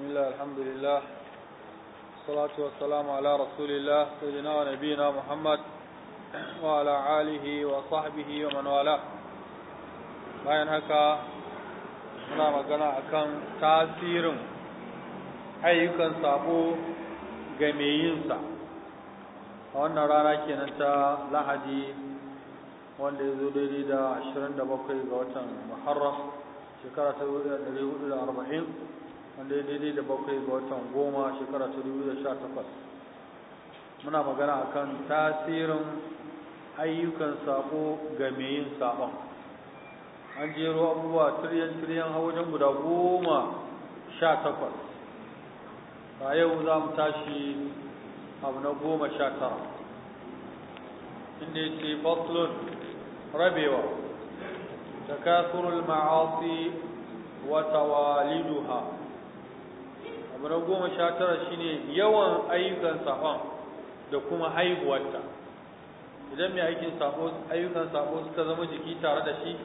بسم الله الحمد لله الصلاة والسلام على رسول الله سيدنا ونبينا محمد وعلى آله وصحبه ومن والاه bayan haka muna magana akan tasirin ayyukan sabo ga mai yinsa a wannan rana kenan ta lahadi wanda ya zo daidai da 27 ga watan muharram wanda ya daidai da bakwai ga watan goma shekara ta dubu da sha takwas muna magana a kan tasirin ayyukan sako ga mai yin sabon an jero abubuwa tiryan tiryan a wajen guda goma sha takwas a yau za mu tashi abu na goma sha tara inda yake faslun rabewa takasurul ma'asi wa tawaliduha abu na goma sha tara shine yawan ayyukan safon da kuma haihuwarta idan mai aikin ayyukan sabo suka zama jiki tare da shi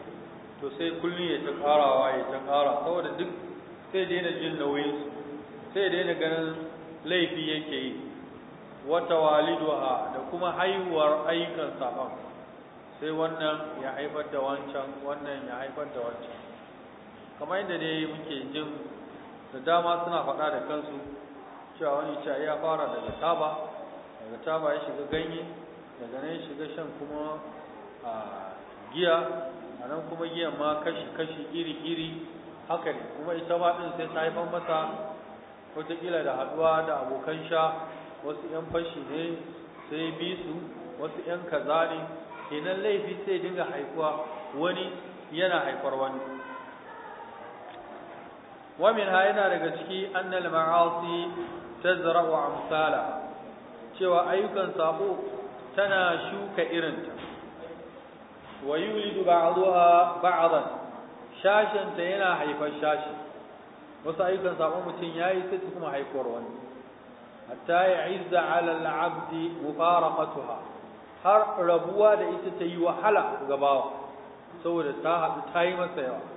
to sai kullum ya ta karawa ya ta kara saboda duk sai daina jin nauyin su sai daina ganin laifi yake yi wata waliduha da kuma haihuwar ayyukan safon sai wannan ya haifar da wancan wannan ya haifar da wancan kamar yadda dai muke jin da dama suna faɗa da kansu cewa wani cewa ya fara daga taba daga taba ya shiga ganye daga nan ya shiga shan kuma a giya a nan kuma giyan ma kashi-kashi iri-iri haka ne kuma ita baɗin ɗin sai ta yi masa wataƙila da haɗuwa da abokan sha wasu 'yan fashi ne sai bi su wasu 'yan kaza ne kenan laifi sai dinga haifuwa wani yana haifar wani wa minha yana daga ciki annal ma'asi tazra'u amsala cewa ayyukan sabo tana shuka irinta wa yulidu ba'daha ba'dan shashin ta yana haifar shashi wasu ayyukan sabo mutum yayi sai kuma haifar wani hatta ya'izza 'ala al-'abdi mufaraqatuha har rabuwa da ita ta yi wahala ga bawa saboda ta haɗu ta yi masa yawa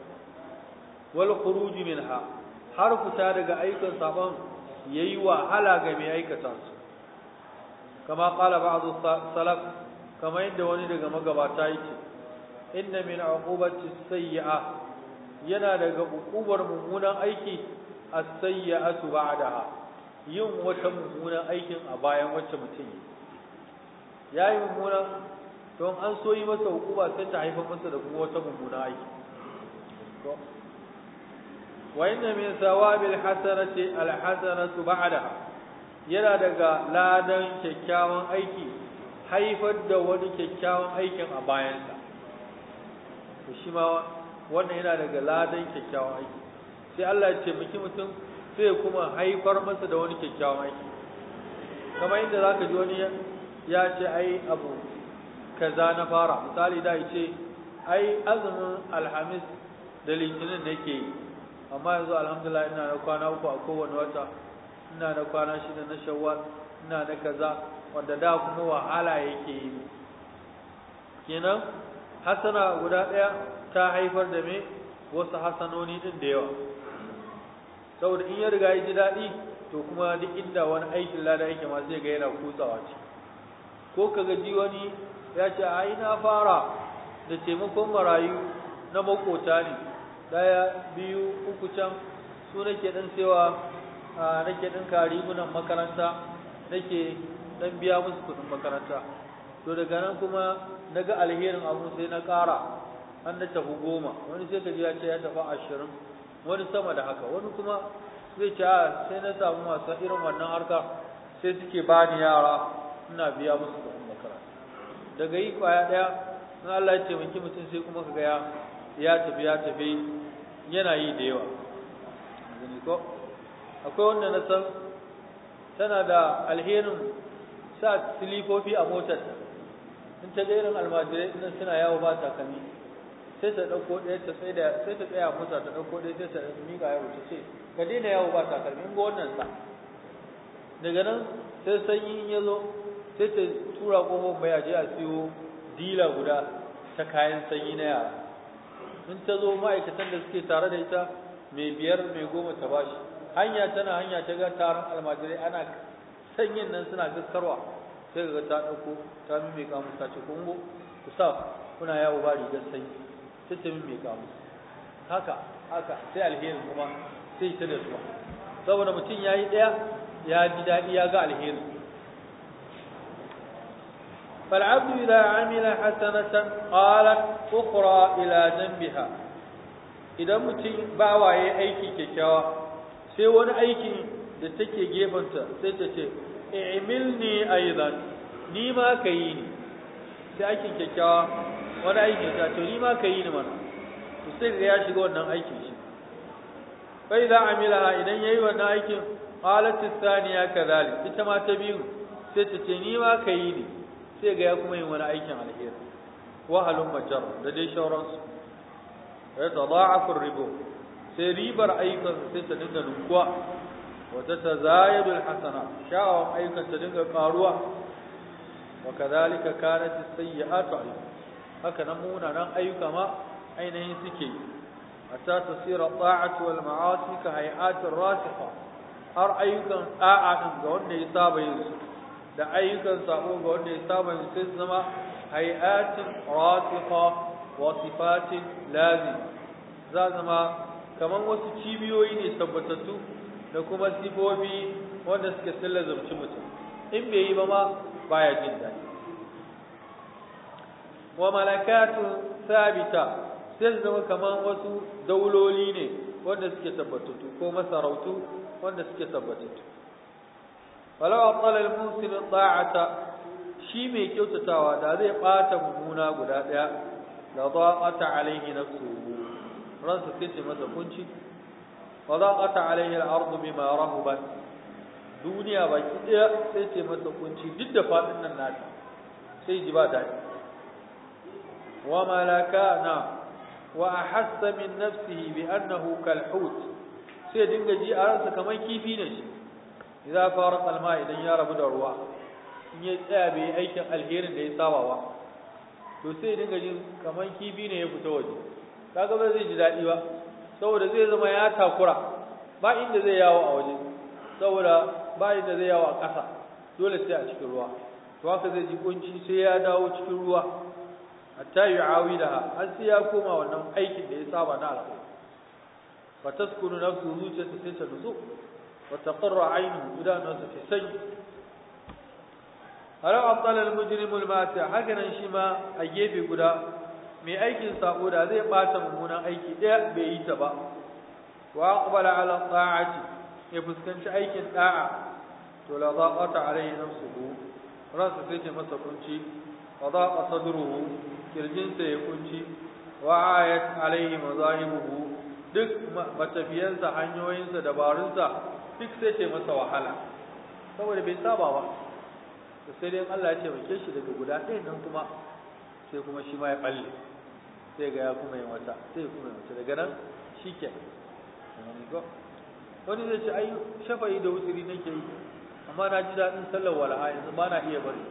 wal khuruj minha har fita daga aikin saban yayi wahala ga mai aikata su kama kala ba'du salaf kama yadda wani daga magabata yake inna min uqubati sayyi'a yana daga uqubar mummunan aiki as-sayyi'atu ba'daha yin wata mummunan aikin a bayan wacce mutum yi yayi mummunan don an so yi masa hukuma sai ta haifa masa da kuma wata mummunan aiki وإن من ثواب الحسنة الحسنة بعدها yana daga ladan kyakkyawan aiki haifar da wani kyakkyawan aikin a bayansa to shi ma wannan yana daga ladan kyakkyawan aiki sai Allah ya ce miki mutum sai kuma haifar masa da wani kyakkyawan aiki kamar inda zaka ji wani ya ce ai abu kaza na fara misali da ya ce ai azumin alhamis da litinin nake yi amma yanzu alhamdulillah ina na kwana uku a kowane wata ina na kwana shida na shawwal ina na kaza wanda da kuma wahala yake yi kenan hasana guda daya ta haifar da me wasu hasanoni din da yawa saboda in ya riga ya ji daɗi to kuma duk inda wani aikin lada yake ma sai ga yana kutsawa ce ko ka gaji wani ya ce a ina fara da taimakon marayu na makota ne daya biyu uku can su nake ɗan cewa nake ɗan kari munan makaranta nake ɗan biya musu kuɗin makaranta to daga nan kuma naga alherin abu sai na kara an na tafi goma wani sai ka ya ce ya tafi ashirin wani sama da haka wani kuma zai ce sai na samu masu irin wannan harka sai suke bani yara ina biya musu kuɗin makaranta daga yi kwaya ɗaya in Allah ya taimaki mutum sai kuma ka ga ya tafi ya tafi yana yi da yawa ko akwai wanda na san tana da alherin sa silifofi a motar in ta jerin almajirai nan suna yawo ba takami sai ta ɗauko ɗaya ta tsaya da sai ta tsaya mota ta ɗauko ɗaya sai ta miƙa yawo ta ce ka daina yawo ba takalmi in ga wannan sa daga nan sai sanyi in yazo zo sai ta tura ƙofar bai a je a siyo dila guda ta kayan sanyi na yara in ta zo ma'aikatan da suke tare da ita mai biyar mai goma ta bashi hanya tana hanya ta ga taron almajirai ana sanyin nan suna gaskarwa sai ga ta ɗauko ta mai musu ta ce kungo ku sa kuna yawo ba rigar sanyi sai ta mai haka haka sai alherin kuma sai ta da su saboda mutum ya yi ɗaya ya ji daɗi ya ga alherin فالعبد إذا عمل حسنة قالت أخرى إلى جنبها إذا متي باوا يا أيكي كيكاوا سي wani aiki da take gefanta sai ta ce i'milni aidan ni ma kai ni sai aikin kyakkyawa wani aiki ta to ni ma kai ni mana to ya shiga wannan aiki shi bai za amilaha idan yayi wannan aikin qalat thaniya kadhalik ita ma ta biyu sai ta ce ni ma kai ni sai ga ya kuma yin wani aikin alheri wahalun majar da dai shauransu ya tada'afu ribo sai ribar ayyukan sai ta dinga nukuwa wata ta tazayadu alhasana sha'awar ayyukan ta dinga karuwa wa kadhalika kanat as-sayyi'atu haka nan munanan ayyuka ma ainihin suke hatta tasira ta'atu wal ma'asi ka hay'atir rasifa har ayyukan a'a din ga wanda ya saba yin su da ayyukan sabo ga wanda ya saba ne sai su zama hay'atin ratiqa wa sifatin lazim za zama kaman wasu cibiyoyi ne tabbatattu da kuma sifofi wanda suka sallazumci mutum in bai yi ba ma baya jin daɗi wa malakatu sabita sai zama kaman wasu dauloli ne wanda suke tabbatattu ko masarautu wanda suke tabbatattu walau aqala al-musib ta'ata shi mai kyautatawa da zai ɓata mummuna guda ɗaya. da dhaqata alaihi tsoro. ransa sai ce masa kunci Ba wa dhaqata alaihi al-ardu bima rahabat duniya baki daya sai ce masa kunci duk da faɗin nan nata sai ji ba dadi wa malakana wa a ahassa min nafsihi bi annahu kalhut sai dinga ji a ransa kamar kifi ne shi idza fara alma idan ya rabu da ruwa in ya tsaya bai aikin alherin da ya saba ba to sai dinga jin kamar kifi ne ya fita waje kaga ba zai ji daɗi ba saboda zai zama ya takura ba inda zai yawo a waje saboda ba inda zai yawo a ƙasa dole sai a cikin ruwa to haka zai ji kunci sai ya dawo cikin ruwa hatta ha har sai ya koma wannan aikin da ya saba na alkhairi fa taskunu nafsu zuciyarsa sai ta nutsu وتقر عينه إلى نزف سيء ولو أبطل المجرم الماسع حقنا شما أجيب قدا من أيك ساقودا زي باتم هنا أيك إيه بيت با وأقبل على الطاعة يفسكنش أيك الطاعة ولا ضاقت عليه نفسه رأس سيتي مسا كنشي وضاق صدره كالجنس يكنشي وعايت عليه مظاهره مذاهبه duk matafiyansa hanyoyinsa dabarunsa duk sai ce masa wahala saboda bai saba ba da sai dai Allah ya taimake shi daga guda ɗaya nan kuma sai kuma shi ma ya balle sai ga ya kuma yin wata sai kuma yin wata daga nan shi ke wani zai ce ai shafa'i da wuturi nake yi amma na ji daɗin sallar wala'a yanzu ba na iya bari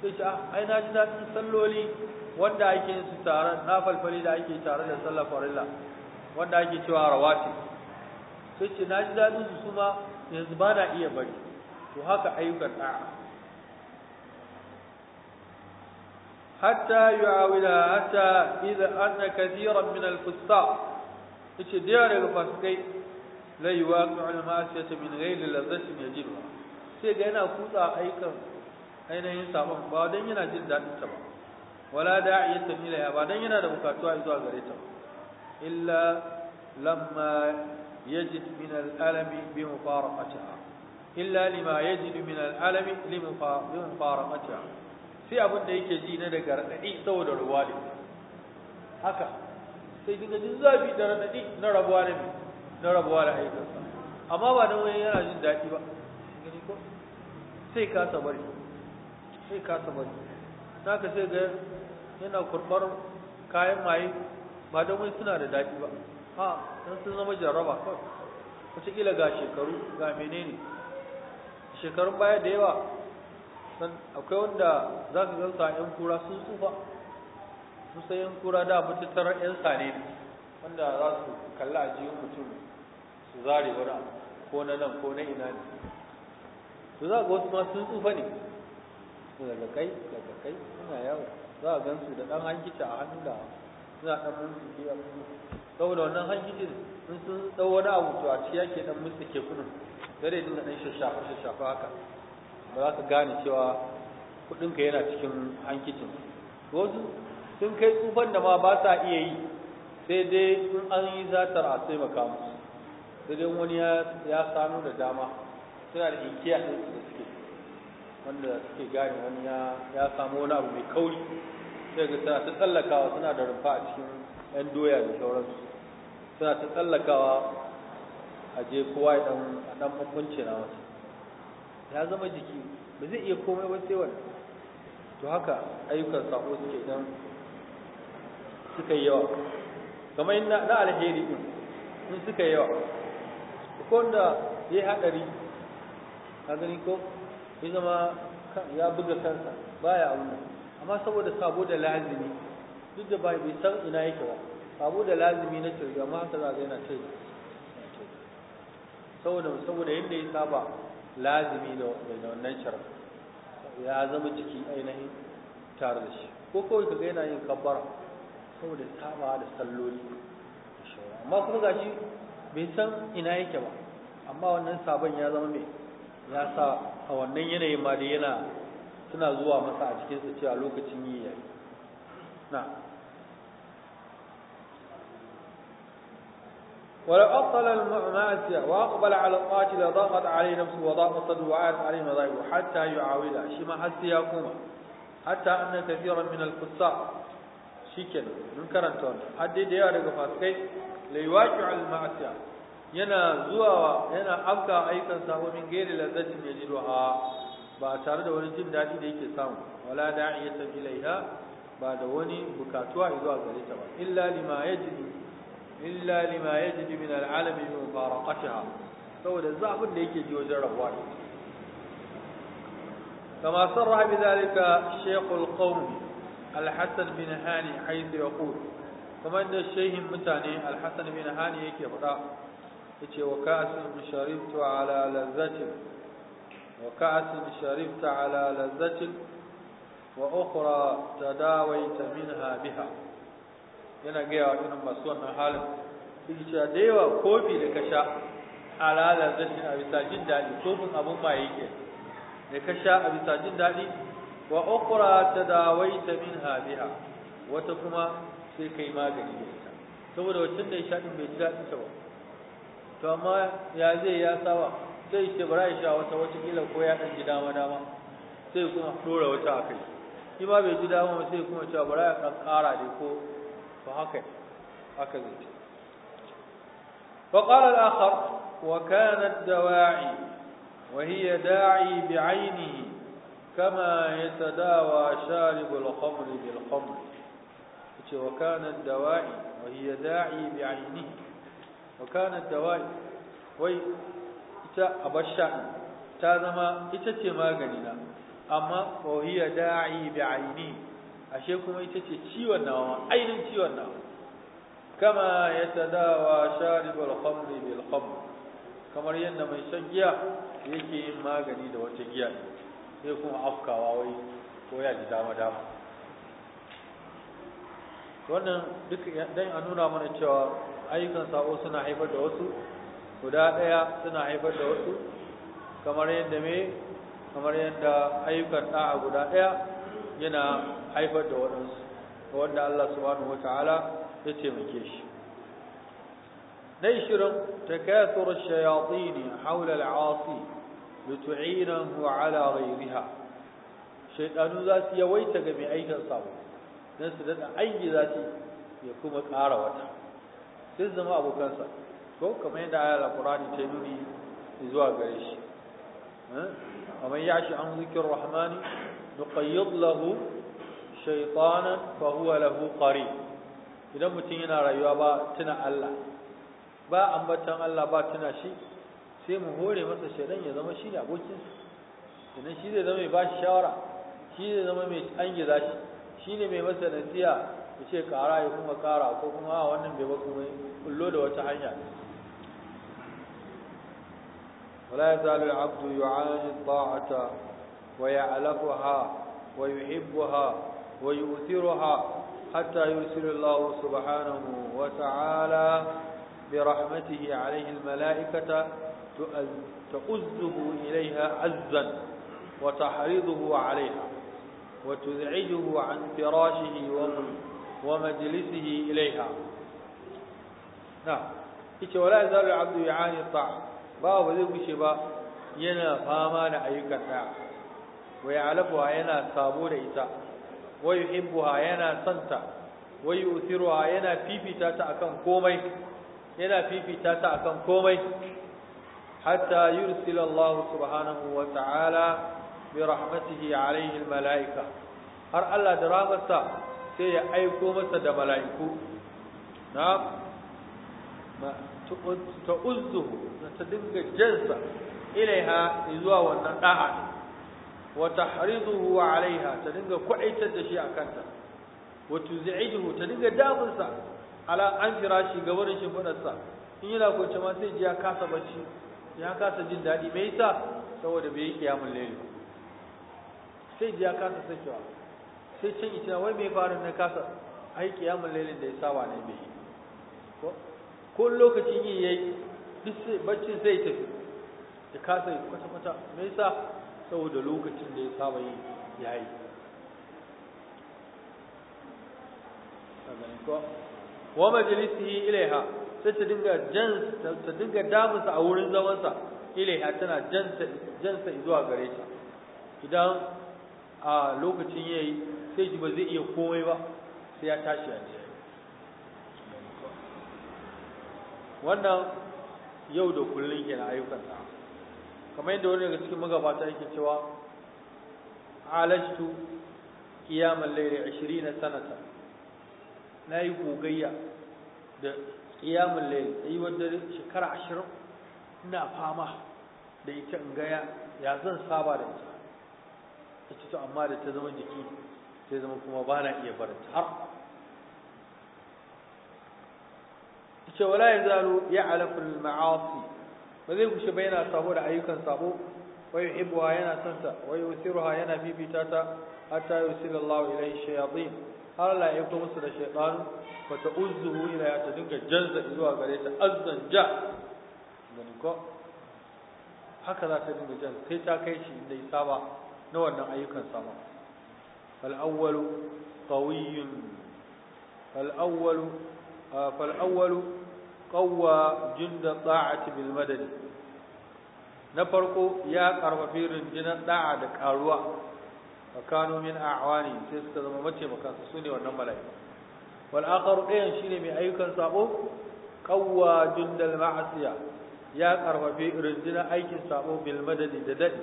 sai ce ah, ai na ji daɗin salloli wanda ake yin su tare na falfali da ake tare da sallar farilla wanda ake cewa rawatib sai ce na ji daɗin su kuma yanzu ba na iya bari to haka ayyukan da'a hatta yu'awila hatta idza anna kathiran min al-fusaq yace da yawa daga fasikai la yuwaqi'u al-ma'siyata min ghayri lazzatin yajibuha sai ga yana kutsa ayyukan ainihin sabon ba dan yana jin daɗin ta ba wala ya ila ya ba dan yana da bukatuwa zuwa gare ta ba illa lamma يجد من الألم بمفارقتها إلا لما يجد من الألم بمفارقتها sai abin da yake ji na daga raɗaɗi saboda ruwa ne haka sai dinga jin zafi da raɗaɗi na rabuwa da na rabuwa da aikinsa amma ba nan wani yana jin daɗi ba gani ko sai kasa bari sai kasa bari naka sai ga yana kurɓar kayan maye ba don wai suna da daɗi ba ha sun sun zama jaraba. kawai wataƙila ga shekaru ga menene shekarun baya da yawa san akwai wanda za ka gansa yan kura sun tsufa sun sai yan kura da matattarar yan sane ne wanda za su kalla a mutum su zare wani ko na nan ko na ina ne to za ga wasu ma sun tsufa ne daga kai daga kai suna yawo za a gansu da ɗan hankita a hannu da suna ɗan mun jiki a saboda wannan hankicin in sun tsawo wani abu to a ciki yake dan musu ke kudin dare dai dinga dan shafa shafa haka ba za ka gane cewa kudin ka yana cikin hankicin wasu sun kai tsufan da ma ba sa iya yi sai dai in an yi zatar a taimaka musu sai dai wani ya samu da dama suna da inkiya ɗin su da suke wanda suke gane wani ya samu wani abu mai kauri sai ga ta tsallakawa suna da rumfa a cikin 'yan doya da sauransu suna ta tsallakawa a je kowa ya dan bambanci na wasu ya zama jiki ba zai iya komai ba sai wani to haka ayyukan sako suke idan suka yi yawa kamar na alheri din sun suka yi yawa ko wanda ya yi haɗari a gani ko ya zama ya buga kansa baya ya amma saboda sabo da lazini duk da bai san ina yake ba abu da lazimi na kirga ma haka za ga yana ta saboda saboda yadda ya saba lazimi da wannan shirin ya zama ciki ainihin tare da shi ko kawai ka ga yana yin kabbara saboda saba da salloli amma kuma shi bai san ina yake ba amma wannan sabon ya zama mai ya sa a wannan yanayin ma da yana suna zuwa masa a cikinsa cewa lokacin yi yayi na ولو أطل المعصية وأقبل على القاتل ضاقت عليه نفسه وضاق صدره وعاد عليه مذاهبه حتى يعاوده شما حتى يقوم حتى أن كثيرا من الفساق شيكن منكرا تون حد ديار فاسقي ليواجع المعصية yana zuwa yana afka aikan sa min gairi lazzatin yajiduha ba tare da wani jin dadi da yake samu wala da'iyatan ilaiha ba da wani bukatuwa zuwa ba illa lima إلا لما يجد من العالم بمفارقتها فهذا الزعب اللي يجد يوجد رواني كما صرح بذلك الشيخ القوم الحسن بن هاني حيث يقول كما ومن الشيخ المتاني الحسن بن هاني يكفر يقول وكأس شربت على لذة وكأس شربت على لذة وأخرى تداويت منها بها yana gaya wa tunan masu wannan halin yake cewa da yawa kofi da ka sha a ranar rashin a bisa jin daɗi kofin abin yi ke da ka sha a bisa jin daɗi wa okura ta dawai ta min habiha wata kuma sai ka yi magani da ita saboda wacin da ya sha ɗin bai ji daɗi ta ba to amma ya zai ya sawa, sai ce bara ya sha wata wata kila ko ya ɗan ji dama dama sai kuma ɗora wata a kai shi ma bai ji dama sai kuma cewa bara ya ɗan ƙara dai ko فهكذا هكذا فقال الآخر وكانت دواعي وهي داعي بعينه كما يتداوى شارب الخمر بالخمر وكانت دواعي وهي داعي بعينه وكانت دواعي وي ita abasha ta zama ita ce maganina amma wahiya ashe kuma ita ce ciwon nawa ainin ciwon nawa kama ya yatadawa sharibul khamri bil khamr kamar yadda mai shan giya yake yin magani da wata giya sai kuma afkawa wai ko ya ji dama dama wannan duk dan a nuna mana cewa ayyukan sabo suna haifar da wasu guda daya suna haifar da wasu kamar yadda me kamar yadda ayyukan da'a guda daya yana haifar da waɗansu wanda Allah subhanahu wataala ya taimake shi dai shirin takathur ash-shayatin hawla al-'asi litu'inahu 'ala ghayriha shaydanu za su yawaita ga mai aikin sabo dan su dada aiki za su ya kuma ƙara wata sai zama abokansa ko kamar yadda ayar al ta nuni zuwa gare shi ya eh? yashi an zikir rahmani nuqayyid lahu shaytanan fa huwa lahu qarin idan mutum yana rayuwa ba tuna Allah ba ambatan Allah ba tuna shi sai mu hore masa shaidan ya zama shi ne abokinsa sannan shi zai zama mai ba shi shawara shi zai zama mai angiza shi shi ne mai masa nasiya ya ce kara ya kuma kara ko kuma a wannan bai ba kuma kullo da wata hanya ولا يزال العبد يعاني الطاعة ويعلفها ويحبها ويؤثرها حتى يرسل الله سبحانه وتعالى برحمته عليه الملائكة تؤذه إليها عزا وتحرضه عليها وتزعجه عن فراشه ومجلسه إليها نعم إيش ولا يزال العبد يعاني الطاعة باب ذلك الشباب ينا فاما لأيك الطاعة ويعلفها ينا صابون إيسا wa yuhibbuha yana santa wa yu'thiruha yana fifita ta akan komai yana fifita ta akan komai hatta yursila Allah subhanahu wa ta'ala bi rahmatihi alayhi al-mala'ika har Allah da rahmatsa sai ya aiko masa da mala'iku na ta ta dinga jinsa ilaiha zuwa wannan da'a wa tahriduhu alaiha ta dinga kwaitar da shi a kanta, wa tuz'iduhu ta dinga dabinsa ala an firashi ga wurin shi fadarsa in yana kwance ma sai ji ya kasa bacci ya kasa jin dadi me yasa saboda bai yi kiyamul layl sai ji ya kasa sakewa sai can ita wai me faru na kasa ai kiyamul layl da ya saba ne bai ko ko lokacin yi yayi duk baccin sai tafi ya kasa kwata kwata me yasa saboda lokacin da ya saba yi ya yi wa yi ilaiha sai ta dinga jan ta a wurin zamansa ilaiha tana jansa zuwa gare shi. idan a lokacin yi, sai ji ba zai iya komai ba sai ya tashi a jiya wannan yau da kullun yana ayyukan sa kamar yadda wani daga cikin magabata yake cewa alajtu qiyamal layli 20 sanata nayi gogayya da qiyamul layli yi wanda shekara 20 ina fama da ita in gaya ya zan saba da ita ita to amma da ta zama jiki sai zama kuma ba na iya barin har ce wala yazalu ya'lafu al-ma'asi ba zai kushe ba yana sabo da ayyukan sabo wai Ib'uwa yana son ta wa ha yana bibita ta hatta yusilallahu ilayhi shayatin har la yakun musu da shaytan wa ta'uzzuhu ila ya ta dinga janza zuwa gare ta Azan ja gani ko haka za ta dinga janza sai ta kai shi inda ya saba na wannan ayyukan sabo fal awwalu qawiyyun fal awwalu fal awwalu qawwa junda ta'ati bil madadi na farko ya karfafi rundunar da'a da karuwa fakanu min a'wani sai suka zama mace makansu sune wannan mala'iku wal akharu dayan shine mai ayyukan sabo qawwa jundal ma'asiya ya karfafi rundunar aikin sabo bil da dadi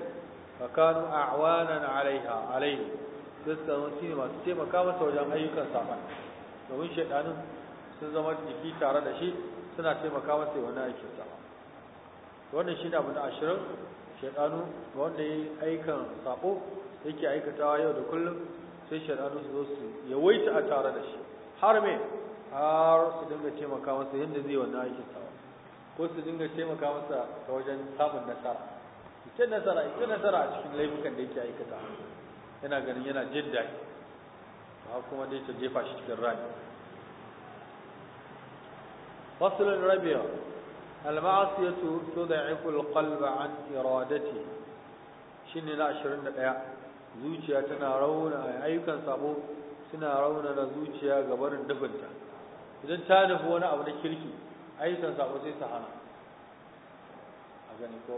fakanu a'wanan alaiha alaihi sai suka zama shine taimaka masa wajen ayyukan sabo domin shaidanin sun zama jiki tare da shi suna taimaka masa wani aikin sa wannan shi ne abu na ashirin shaɗanu wanda ya aikan sabo yake aikatawa yau da kullum sai shaɗanu su zo su yawaita a tare da shi har me har su dinga taimaka masa yadda zai wani aikin sa ko su dinga taimaka masa ta wajen samun nasara ita nasara ita nasara a cikin laifukan da yake aikata yana ganin yana jin daɗi ba kuma dai ta jefa shi cikin rani فصل ربيع المعصية تضعف القلب عن إرادته شن لا عشرين دقيقة زوجيا تنا رونا أيوكا سابو سنا رونا زوجيا قبر دفنتا إذن تانف وانا أبنى كيركي أيوكا سابو سي سحانا أغاني كو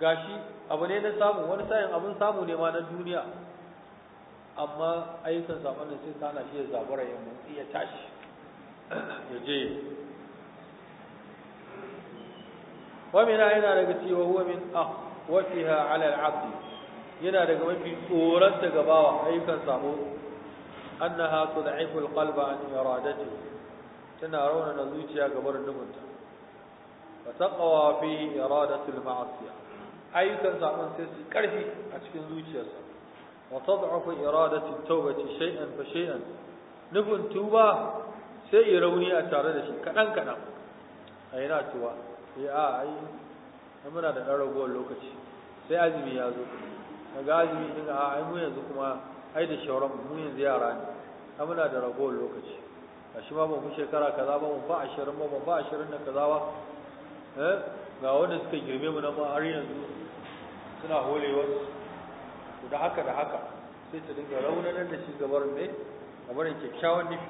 gashi abu ne na samu wani sayin abun samu ne ma na duniya amma ayyukan saɓon da sai sana shi ya zabura ya motsi ya tashi ya je wa yana daga cewa huwa min akhwafiha ala al-abd yana daga mafi tsoron daga bawa ayyukan sabo annaha tud'ifu al-qalba an iradatihi tana raunana zuciya ga barin nufinta wa taqwa fi iradatu al-ma'siyah ayyukan sabon sai su karfi a cikin zuciyarsa wa tad'afu iradatu at-tawbati shay'an fa shay'an nufin tuba sai rauni a tare da shi kadan kadan a yana tuwa ya a ai muna da ɗan ragowar lokaci sai azumi ya zo daga azumi ɗin a ai mu yanzu kuma ai da shauran mu yanzu yara ne ai muna da ragowar lokaci a shi ma ba mu shekara za ba mu ba ashirin ba mu ba ashirin eh, ka za ba ga wanda suka girme mu na ma har yanzu suna wasu da haka da haka sai ta dinga raunanar da shi gabar mai gabarin kyakkyawan nufi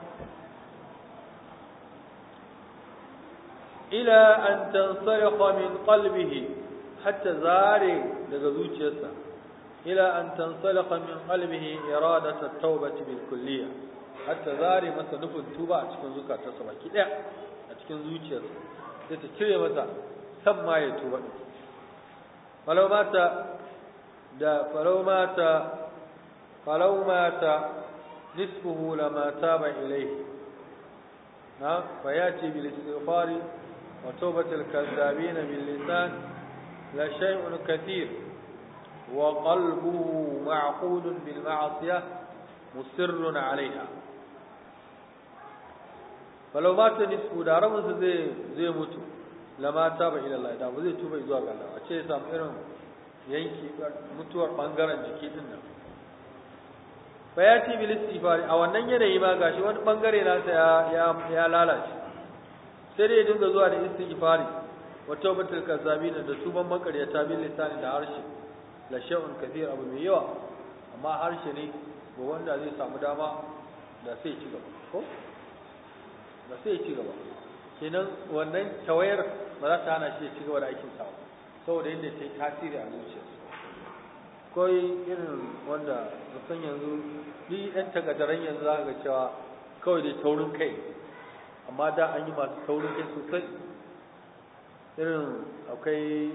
ila an tansarikha min qalbihi hatta zare daga zuciyarsa ila an tansarikha min qalbihi iradatu at-taubati bil kulliyah hatta zare masa nufin tuba a cikin zukatarsa baki daya a cikin zuciyarsa sai ta cire masa san ma ya tuba falau mata da falau mata falau mata وتوبة الكذابين باللسان لشيء كثير وقلبه معقول بالمعصية مصر عليها فلو مات نسبه دا رمز زي, زي متو لما تاب إلى الله دا وزي توبة قال الله أشياء سامئرهم ينكي mutuwar bangaren jiki din nan fa ya ينهي ما قاشي a wannan yanayi يا, gashi wani bangare sai dai dinga zuwa da istighfari wa tawbatul kazzabin da tuban makaryata bil lisan da harshe la sha'un kathir abu mai yawa amma harshe ne ga wanda zai samu dama da sai ci gaba ko da sai ci gaba kenan wannan tawayar ba za ta hana shi ci gaba da aikin sa saboda yadda ta tasiri a zuciyarsa koi irin wanda musan yanzu ni ɗan tagadaran yanzu za ga cewa kawai dai taurin kai amma da an yi masu taurin kai sosai irin akwai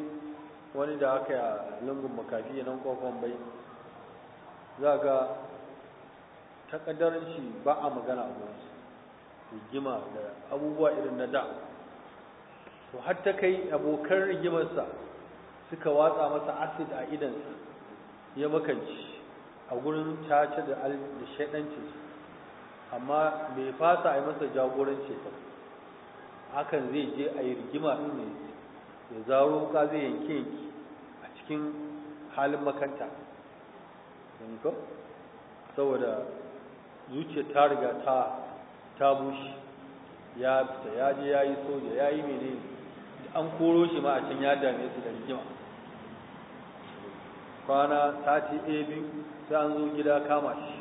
wani da aka yi a lungun makafi nan kofan bai za ga takadarin shi ba a magana a gurinsu rigima da abubuwa irin na da to har ta kai abokan rigimarsa suka watsa masa acid a idansa ya makanci a gurin tace da shaidancin amma mai fasa a yi masa jagoranci ta, hakan zai je a yi rigima ne ya zaro ka zai yanke yanki a cikin halin makanta saboda zuciya ta riga ta ta bushe ya fita ya je ya yi soja ya yi mene an koro shi ma a can ya dame su da rigima kwana sati a biyu sai an zo gida kama shi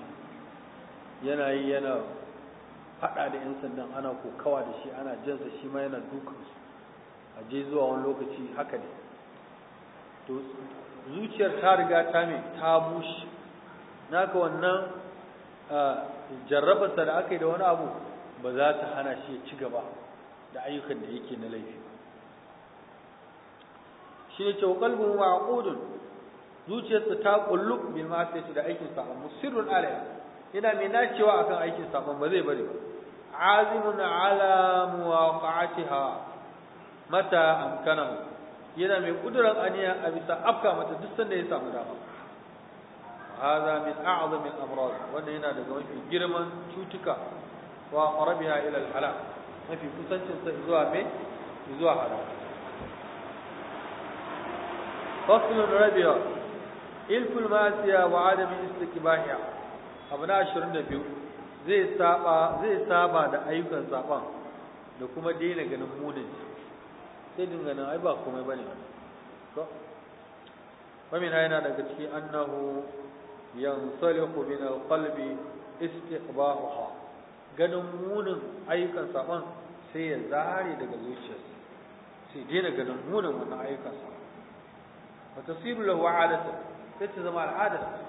yana yi yana faɗa da 'yan sandan ana kokawa da shi ana jansa shi ma yana dukansu a je zuwa wani lokaci haka ne to zuciyar ta riga ta mai ta bushe naka wannan jarrabarsa da aka yi da wani abu ba za ta hana shi ya ci gaba da ayyukan da yake na laifi shi ne ce a ma'qudun zuciyarsa ta ƙullu bil ma'asiyati da aikinsa, a Musirin alayya yana mai nacewa akan aikin saban ba zai bari ba azimun ala muwaqatiha mata amkana yana mai kuduran aniya a bisa afka mata duk sanda ya samu dama hadha min a'zam al amrad wanda yana daga mafi girman cutuka wa qarabiha ila al halak mafi kusancin sa zuwa me zuwa halak فصل ربيع إلف الماسية وعدم استكباهها abu na biyu zai saba zai saba da ayyukan saban da kuma daina ganin munin sai din ganin ai ba komai bane to famina yana daga ciki annahu yansalihu min alqalbi istiqbahuha ganin munin ayyukan saban sai ya zare daga zuciyarsa sai daina ganin munin wannan ayyukan saban wa tasiru lahu adatan sai ta zama al'adarsa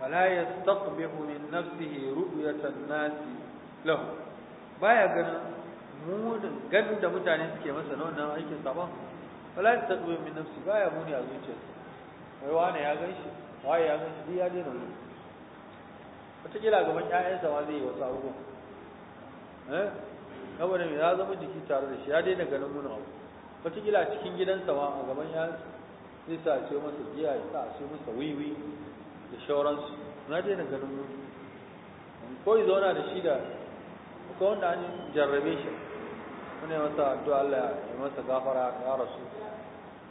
fala yastaqbihu min ya ru'yatan nasi lahu baya ganin munin ganin da mutane suke masa na wannan aikin saban fala yastaqbihu min nafsi ya muni a zuciyarsa wai wani ya gan shi waye ya gan shi ya daina muni wataƙila gaban 'ya'yan sama zai yi wasu abubuwan eh saboda ya zama jiki tare da shi ya daina ganin munin abu wataƙila cikin gidansa ma a gaban ya zai sa ce masa giya ya sa ce masa wiwi da shauransu na daina ganin ko yi zauna da shi da ko wanda an jarrabe shi wani masa addu'a Allah ya masa gafara ya rasu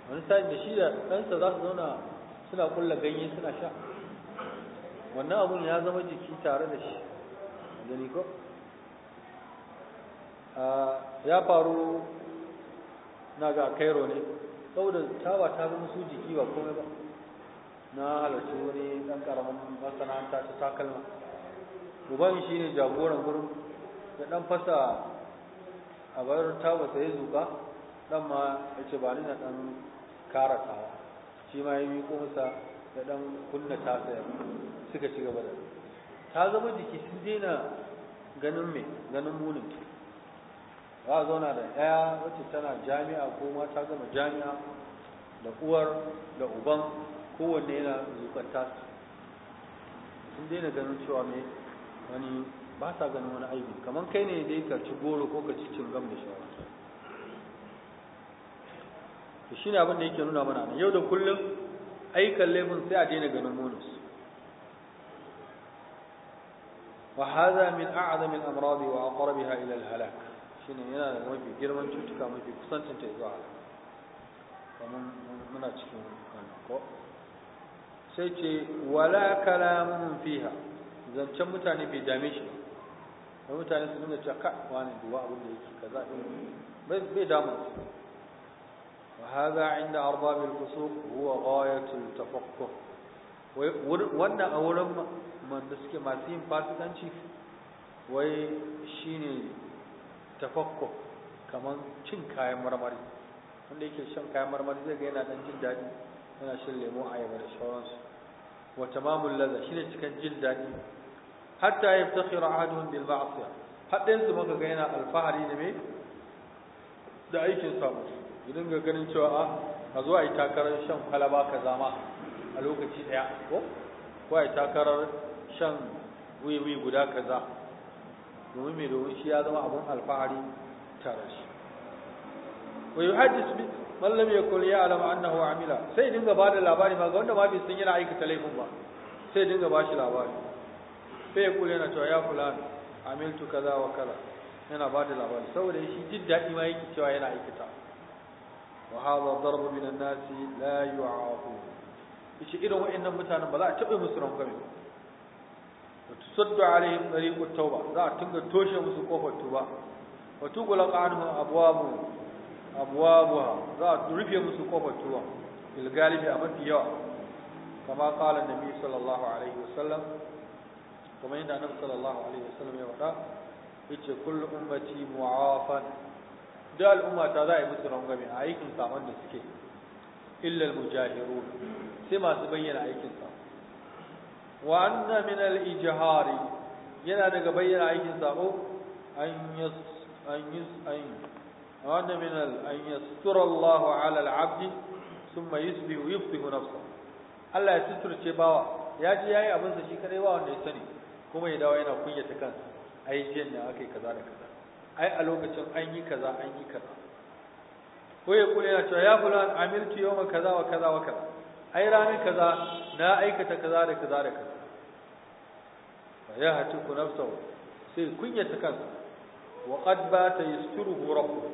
wani sai da shi da ɗansa za su zauna suna kulla ganye suna sha wannan abun ya zama jiki tare da shi gani ko ya faru na ga kairo ne saboda ba ta zama su jiki ba komai ba na halarci wani ɗan ƙaramin masana'anta ta takalma uban shi ne jagoran gurin ya ɗan fasa a bayar tabasa ya zuka ɗan ma ya ce ba ni na ɗan karatawa shi ma ya miƙo masa da ɗan kunna tasa ya suka ci gaba da ta zama jiki sun daina ganin mai ganin munin ba zauna da ɗaya wacce tana jami'a ko ma ta gama jami'a da uwar da uban kowanne yana zukanta su sun daina ganin cewa mai wani ba sa ganin wani aibi kamar kai ne dai ka ci goro ko ka ci gam da shawarta to shi ne abin da yake nuna mana yau da kullum aikan laifin sai a daina ganin munus وهذا من أعظم الأمراض وأقربها إلى الهلاك شنو هنا ما في جرمان شو تكامل في قصة تنتهي وعلى ومن من أشكي sai ce wala kalamun fiha zancen mutane bai dame shi da mutane su nuna ce ka wani duwa abin da yake kaza din bai damu wa hadha inda arba al fusuq huwa ghayat al tafaqquh wannan a wurin man da suke masu yin fasikanci wai shine tafakko kaman cin kayan marmari wanda yake shan kayan marmari zai ga yana dan jin daɗi ana shan lemo ayaba da shawarsu wa tamamul shi ne cikin jin daɗi hatta yaftakhiru ahaduhum bil ma'siyah haddin su maka ga yana alfahari da me da aikin samu idan ga ganin cewa a ah, a zo a yi takarar shan kwalaba ka zama a lokaci ɗaya, ko ko a yi takarar shan wiwi guda za domin me domin shi ya zama abin alfahari tare shi wa yuhaddis Mallam ya kulli ya alama annahu amila sai dinga ba da labari ba, ga wanda ma bai san yana aikata laifin ba sai dinga ba shi labari sai ya kula yana cewa ya fulan amiltu kaza wa kaza yana ba da labari saboda shi jin daɗi ma yake cewa yana aikata wa hadha darbu min an-nasi la yu'afu shi irin wa'annan mutanen ba za a taɓa musu rangwame ba tauba za a التوبة toshe musu kofar tuba wa وتغلق عنهم أبوابهم abwabuha za a rufe musu kofar tuwa fil galibi a mafi yawa kama qala nabi sallallahu alaihi wasallam kuma inda annabi sallallahu alaihi wasallam ya faɗa yace kullu ummati mu'afan da al'umma ta za a yi musu rangami a aikin saman da suke illa al-mujahirun sai masu bayyana aikin sa wa anna min al-ijhari yana daga bayyana aikin sabo an yas an yus وأن من أن يستر الله على العبد ثم يسبه ويفتح نفسه Allah ya suturce bawa ya ji yayi abin sa shi kadai wa wanda ya sani kuma ya dawo yana kunyata kansa ai jiyan da akai kaza da kaza ai a lokacin an yi kaza an yi kaza ko ya kula yana cewa ya fulan amiltu yawma kaza wa kaza wa kaza ai ranar kaza na aikata kaza da kaza da kaza fa ya hatu nafsahu sai kunyata kansa wa qad bata yasturu rabbuhu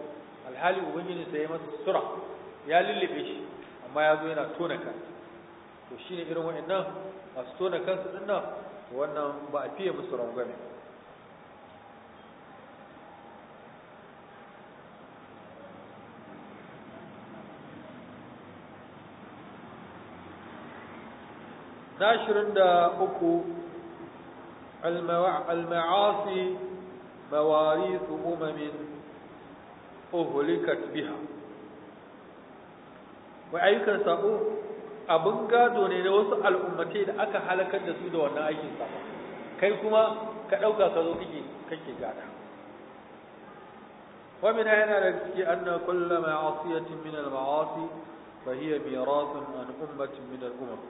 alhali ubangiji sai ya masa sura ya lullube shi amma ya zo yana tona kansa to shine irin wa'annan masu tona kansu din nan wannan ba a fiye musu rangwame na shirin da uku المعاصي su أمم uhulikat biha wai ayyukan sabo abin gado ne na wasu al'ummati da aka halakar da su da wannan aikin sabo kai kuma ka dauka ka zo kike kake gada wa min yana da ciki anna kullu ma'asiyatin min al-ma'asi fa hiya mirathun an ummatin min al-umam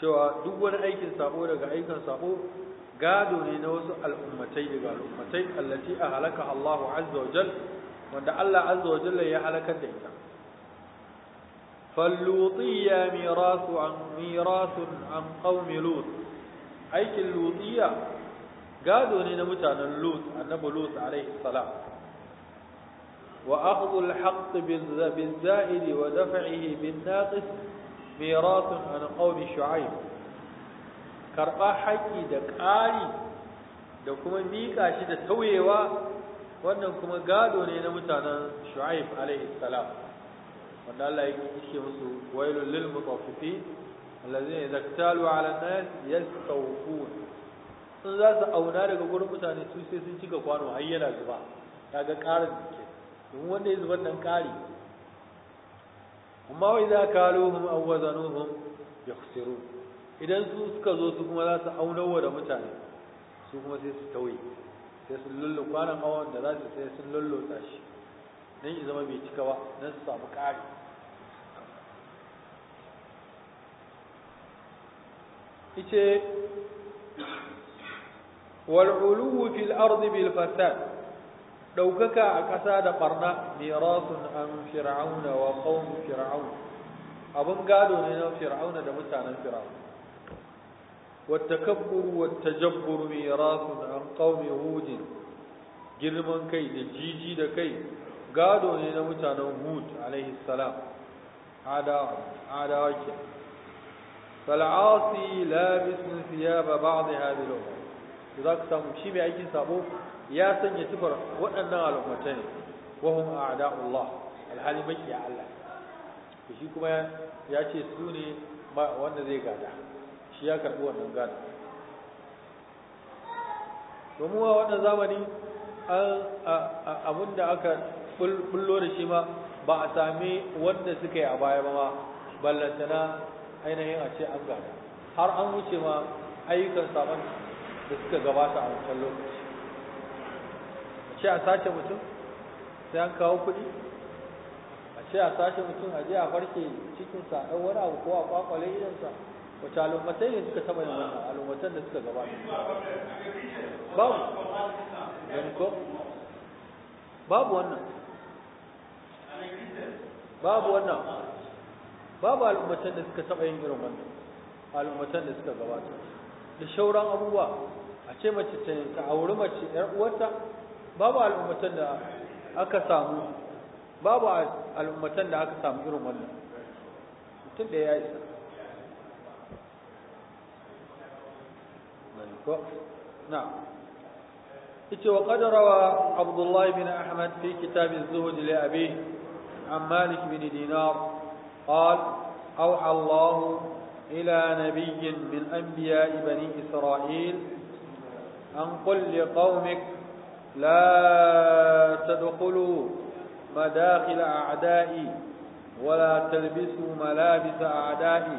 cewa duk wani aikin sabo daga aikin sabo gado ne na wasu al'ummatai daga al'ummatai allati a halaka Allahu azza wa wanda Allah ya halakar da ita فاللوطية ميراث عن ميراث عن قوم لوط أيك اللوطية قالوا لنا متانا لوط النبي لوط عليه السلام وأخذ الحق بالزائد ودفعه بالناقص ميراث عن قوم شعيب karɓa haƙƙi da ƙari da kuma miƙa shi da tauyewa wannan kuma gado ne na mutanen shu'aib alaihi salam wanda Allah ya kike musu wailul lil mutaffifi allazina idza ktalu ala nas yastawfun sun za su auna daga gurin mutane su sai sun cika kwano har yana zuba kaga ƙarin jiki domin wanda ya zuba nan ƙari amma wa idza kaluhum aw wazanuhum yakhsirun idan su suka zo su kuma za su aunawa da mutane su kuma sai su tawai sai sun lullu kwanan awon da za su sai sun lullota shi don ya zama bai cika ba don su samu ƙari ice wal'uluwu fil ardi bil fasad ɗaukaka a ƙasa da ɓarna mirasun an fir'auna wa qawm fir'aun abin gado ne na fir'auna da mutanen fir'auna والتكبر والتجبر ميراث عن قوم هود girman kai da jiji da kai gado ne na mutanen hud alaihi salam adawa ke fal'asi labisun siyaba ba'dhi hadhihi al za ka samu shi mai aikin sabo ya sanya tufar waɗannan al'ummatai ne wa hum a'da'ullah alhali maki Allah shi kuma ya ce su ne wanda zai gada shi ya karɓi wannan gada domin wa waɗanda zamani abin da aka bullo da shi ma ba a sami wanda suka yi a baya ba ma ballantana ainihin a ce an gada har an wuce ma ayyukan saman da suka gabata a wancan lokaci a ce a sace mutum sai an kawo kuɗi a ce a sace mutum a je a farke cikinsa ɗan wani abu ko a kwakwale idansa wacce alummatai ne suka saba yin wannan alummatan da suka gabata babu ko babu wannan babu wannan babu alummatan da suka saba yin irin wannan alummatan da suka gabata da shauran abubuwa a ce mace ta auri mace yar uwarta babu alummatan da aka samu babu al'ummatan da aka samu irin wannan mutum da ya isa نعم وقد روى عبد الله بن أحمد في كتاب الزهد لأبيه عن مالك بن دينار قال أوحى الله إلى نبي من أنبياء بني إسرائيل أن قل لقومك لا تدخلوا مداخل أعدائي ولا تلبسوا ملابس أعدائي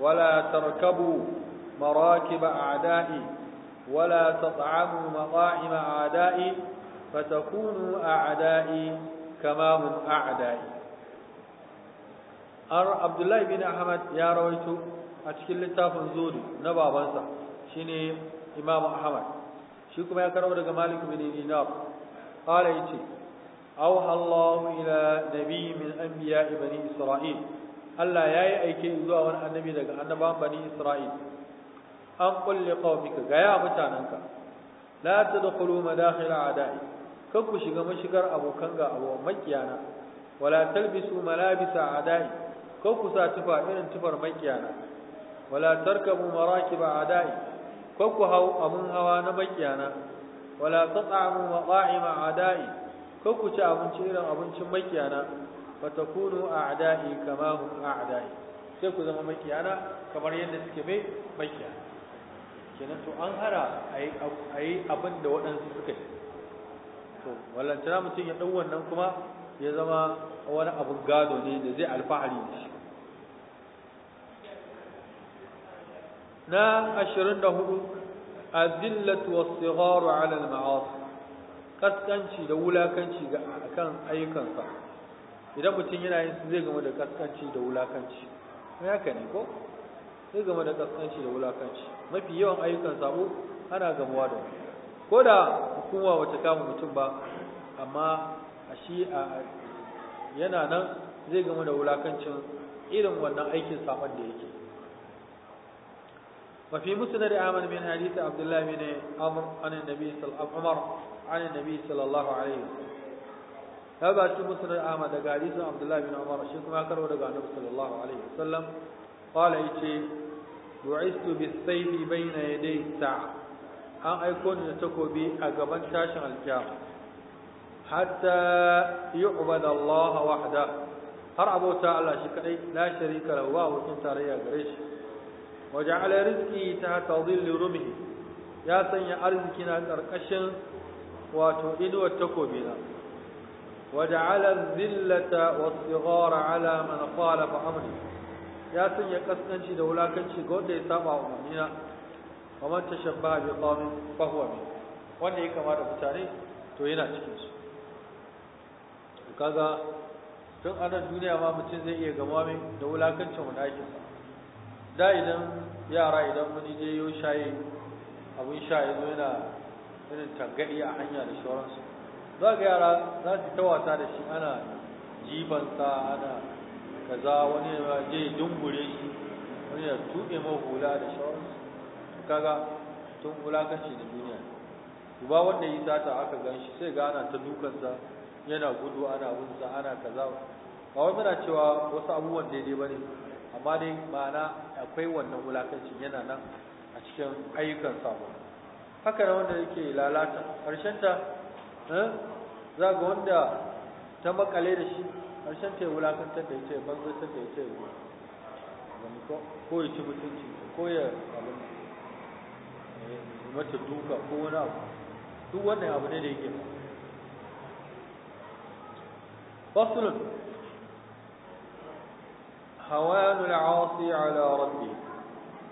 ولا تركبوا مراكب أعدائي ولا تطعموا مطاعم أعدائي فتكونوا أعدائي كما هم أعدائي أر عبد الله بن أحمد يا رويت أتكل التافن زوري نبا بنسا شيني إمام أحمد شيكم يا كرم لك مالك بن دينار قال يتي أوحى الله إلى نبي من أنبياء بني إسرائيل Allah ya yi aike zuwa wani annabi daga annaban bani Isra'il an kulli qaumika ga ya mutananka la tadkhulu madakhil a'da'i kan ku shiga mashigar abokan ga abu makiyana wala talbisu malabisa a'da'i kan ku sa tufa irin tufar makiyana wala tarkabu marakib a'da'i kan ku hau abun hawa na makiyana wala tat'amu mata'im a'da'i kan ku ci abinci irin abincin makiyana fatakunu a'da'i kama hum a'da'i sai ku zama makiyana kamar yadda suke mai makiyana kenan to an hara a yi abin da waɗansu suka yi to wallantana mutum ya ɗau wannan kuma ya zama wani abin gado ne da zai alfahari na ashirin da hudu azillatu wasu ala al kaskanci da wulakanci ga akan ayyukansa idan mutum yana yin zai gama da kaskanci da wulakanci haka ne ko sai game da kaskanci da wulakanci mafi yawan ayyukan sabo ana gamuwa da ko da hukuma wata kama mutum ba amma a shi a yana nan zai game da wulakancin irin wannan aikin saban da yake وفي مسند آمن من حديث عبد الله بن عمر عن النبي صلى عمر عن النبي صلى الله عليه وسلم هذا شو مسند آمن حديث عبد الله بن عمر شو ما كروا النبي صلى الله عليه وسلم qala yace bu'istu bis-sayfi bayna yaday sa'a an aiko ni da takobi a gaban tashin alkiyama hatta yu'bada Allah wahda har abota Allah shi kadai la sharika lahu wa wakin tarayya gare shi Waje waja'ala rizqi tahta dhilli rumhi ya sanya arziki na karkashin wato inuwar takobi na waja'ala Zillata wasu sighara ala man khalafa amri ya sanya kasance da wulakanci ga wanda ya saba wa kamar wa man tashabbaha bi qawmin fa huwa min wanda ya kama da mutane to yana cikin su kaga tun anan duniya ma mutum zai iya gama mai da wulakancin wadakin sa da idan yara idan wani je yau shaye abun shaye zo yana irin tangadi a hanya da shauransu za ga yara za su ta wasa da shi ana jibansa ana kaza wani ya je dungure shi wani ya tuɓe mahula hula da shawararsu kaga tun wulakanci da duniya ba wanda yi sata aka ganshi sai ga ana ta dukansa yana gudu ana wunsa ana kaza ba wani muna cewa wasu abubuwan daidai ba ne amma dai ma'ana akwai wannan wulakanci yana nan a cikin ayyukan sabo haka na wanda yake lalata ƙarshen ta eh, za ga wanda ta makale da shi ƙarshen ta wulakantar da ita ya banzatar da ita ya zuwa ko ya ci mutunci ko ya abin eh, mata duka ko wani abu duk wannan abu ne da yake fasulun hawanul asi ala rabbi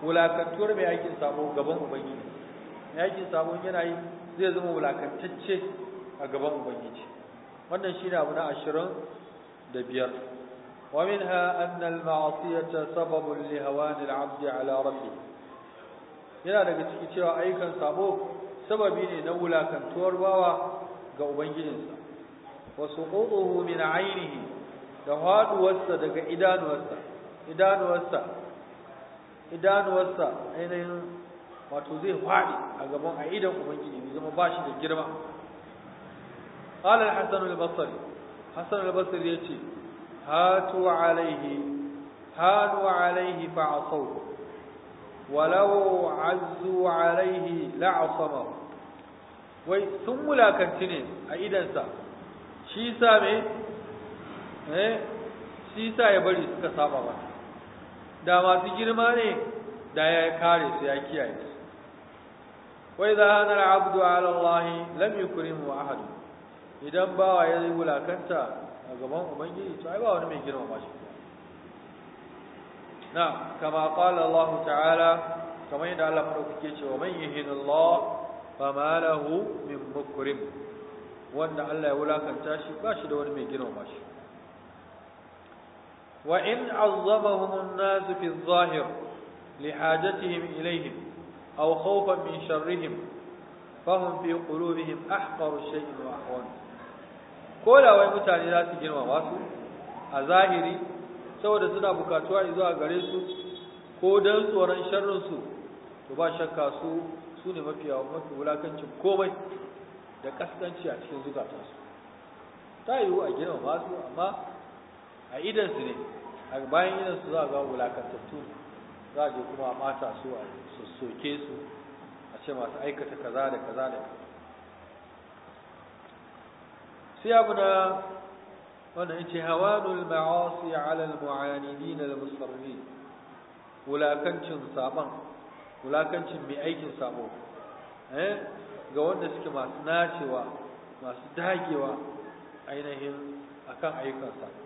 wulakantuwar mai aikin samu gaban ubangiji mai aikin sabo yana yi zai zama wulakantacce a gaban ubangiji wannan shi ne abu na ashirin Wa دبير ومنها sabab li سبب al-'abd 'ala ربه yana daga ciki cewa ayyukan sabo sababi ne na wulakantuwar bawa ga ubangijinsa wa suquduhu min ainihi da haduwarsa daga idanuwarsa idanuwarsa idanuwarsa ainihin wato zai fadi a gaban a idan ubangiji zama bashi da girma qala al-hasan al-basri Hassan al ya ce hatu alaihi wa alaihi fa sau, walau azzu alaihi la'asama wai sun mulakanci ne a idansa shi sa me eh shi sa ya bari suka saba ba da masu girma ne da ya kare su ya kiyaye su wai za hana abdu ala allahi lam idan bawa ya yi wulakanta a gaban ubangiji to ai ba wani mai girmama shi na kama qala Allah ta'ala kamar yadda Allah madaukake cewa man yahinallah fama lahu min mukrim wanda Allah ya wulakanta shi ba shi da wani mai girmama shi wa in azzabahum an-nas fi adh-dhahir lihajatihim ilayhim aw khawfan min sharrihim fahum fi qulubihim ahqaru shay'in wa ahwanu ko da wai mutane za su girmama su a zahiri saboda suna bukatuwa zuwa gare su ko don tsoron sharrin su to ba shakka su su ne mafi mafi wulakancin komai da kaskanci a cikin zukatansu ta yiwu a girmama su amma a idan ne a bayan idan za a ga wulakantattu za a je kuma a mata su a sossoke su a ce masu aikata kaza da kaza da kaza sai abu na wannan yace hawanul ma'asi 'ala al-mu'anidin da musulmi wulakancin saban wulakancin mai aikin sabo ga wanda suke masu nacewa masu dagewa ainihin akan ayyukan sabo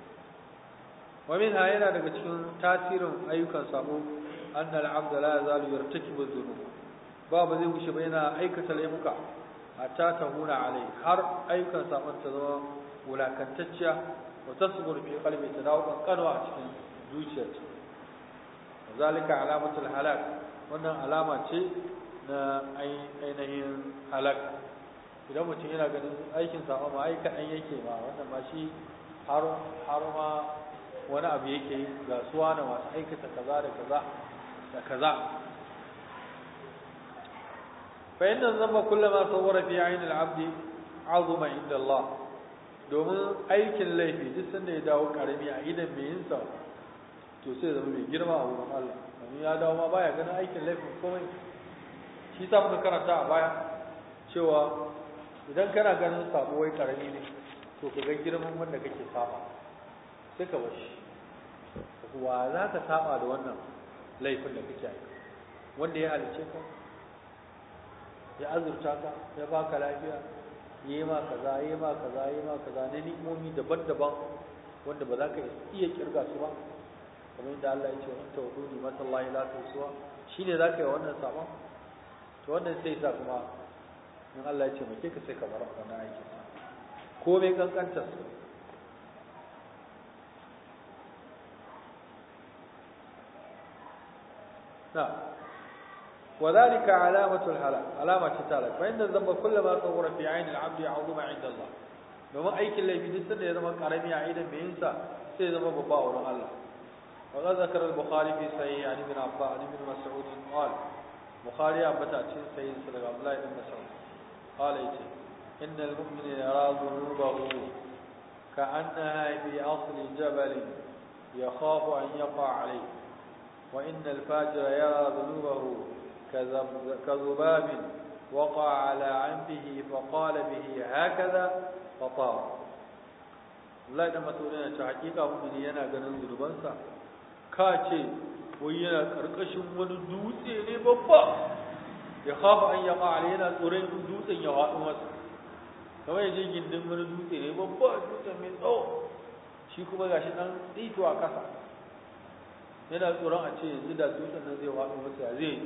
wamin ha yana daga cikin tasirin ayyukan sabo annal 'abda la yazalu yartakibu dhunub ba ba zai wuce ba yana aikata laifuka hatta ta huna alai har ayyukan sabon ta zama wulakantacciya wa tasbur fi qalbi ta dawo kankanwa cikin zuciyarta zalika alamatul halak wannan alama ce na ainihin halak idan mutum yana ganin aikin sabon ma yake ba, wannan ma shi har ma wani abu yake gasuwa na masu aikata kaza da kaza da kaza fa inna dhanba kullama sawara fi ayni al-abdi azuma inda Allah domin aikin laifi duk sanda ya dawo karami a idan mai yinsa to sai zama mai girma a wurin Allah domin ya dawo ma baya ganin aikin laifin komai shi sa muka karanta a baya cewa idan kana ganin sabo wai karami ne to ka ga girman wanda kake saba sai ka bashi wa za ka saba da wannan laifin da kake yi wanda ya halice ka ya azurta ka ya baka lafiya ya yi ma kaza ya yi ma kaza ya yi ma kaza na ni'imomi daban-daban wanda ba za ka iya kirga su ba kamar yadda Allah ya ce wani tawadu ni lafi suwa shi ne za ka yi wannan sabon to wannan sai sa kuma in Allah ya ce mai ka sai ka bar wannan aikin ko mai kankanta su na وذلك علامة الهلاك علامة الهلاك فإن الذنب كلما صغر في عين العبد يعظم عند الله domin aikin laifi duk ya zama karami a idan mai yinsa sai ya zama babba a wurin Allah wa qad zakara al-bukhari fi sahih ali bin abbas ali bin mas'ud qala bukhari ambata cikin sahih sa daga abdullah ibn mas'ud qala yace innal mu'mina yara dhunubahu ka annaha an wa yara كذباب وقع على عنده فقال به هكذا فطار الله da matsalolin ta hakika mutum yana ganin zurbansa ka ce wai yana karkashin wani dutse ne babba ya kafa an yaka ala yana tsoron dutsen ya haɗu masa kamar ya je gindin wani dutse babba dutsen yana tsoron a ce yanzu da dutsen nan zai haɗu masa ya zai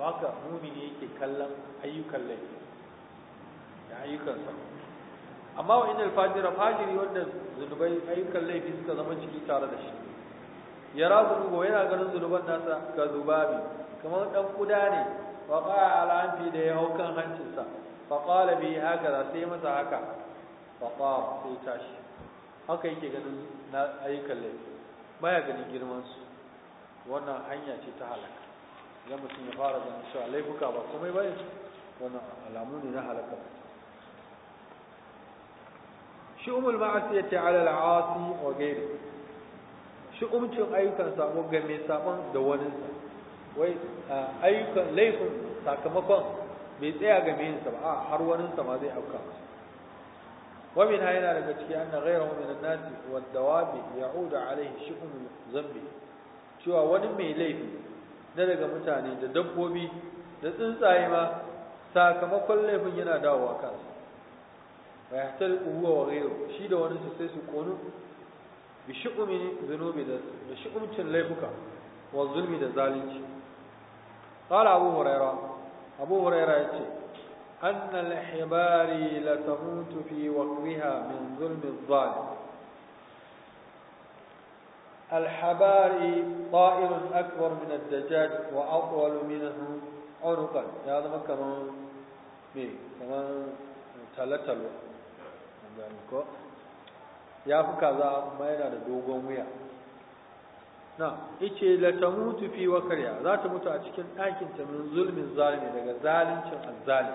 to haka mumini yake kallon ayyukan laifi da ayyukansa amma wa inal fajir fajiri wanda zunubai ayyukan laifi suka zama ciki tare da shi yara go yana ganin zunuban nasa ka zubabi kamar dan kuda ne wa qala ala da ya haukan hancinsa fa qala bi haka sai masa haka fa fa sai tashi haka yake ganin na ayyukan laifi baya ganin girman su wannan hanya ce ta halaka idan mutum ya fara ganin cewa laifuka ba komai ba wannan alamu ne na halaka shi'umul ma'asiyati ala al'asi wa Shi Umcin ayyukan samu ga mai saban da wani wai ayyukan laifin sakamakon bai tsaya ga mai yinsa ba a har wani sa ma zai auka masa wa min yana daga ciki wani ghayruhu min wadda nas wad-dawabi ya'udu shi shi'umul zambi cewa wani mai laifi na daga mutane da dabbobi da tsuntsaye ma sakamakon laifin yana dawowa ba ya yahtariqu huwa wa ghayruhu shi da wani su sai su konu bi shu'umi zunubi da shi'umcin laifuka wa zulmi da zalunci qala abu huraira abu huraira yace ce al-hibari la tamutu fi waqriha min zulmi zalim الحباري طائر أكبر من الدجاج وأطول منه عرقا هذا ما كمان مي كمان تلتلو ya fi ما يرى yana ويا na ice la ta mutu fi wa karya za ta mutu a cikin ɗakin ta min zulmin zalimi daga zalincin azzali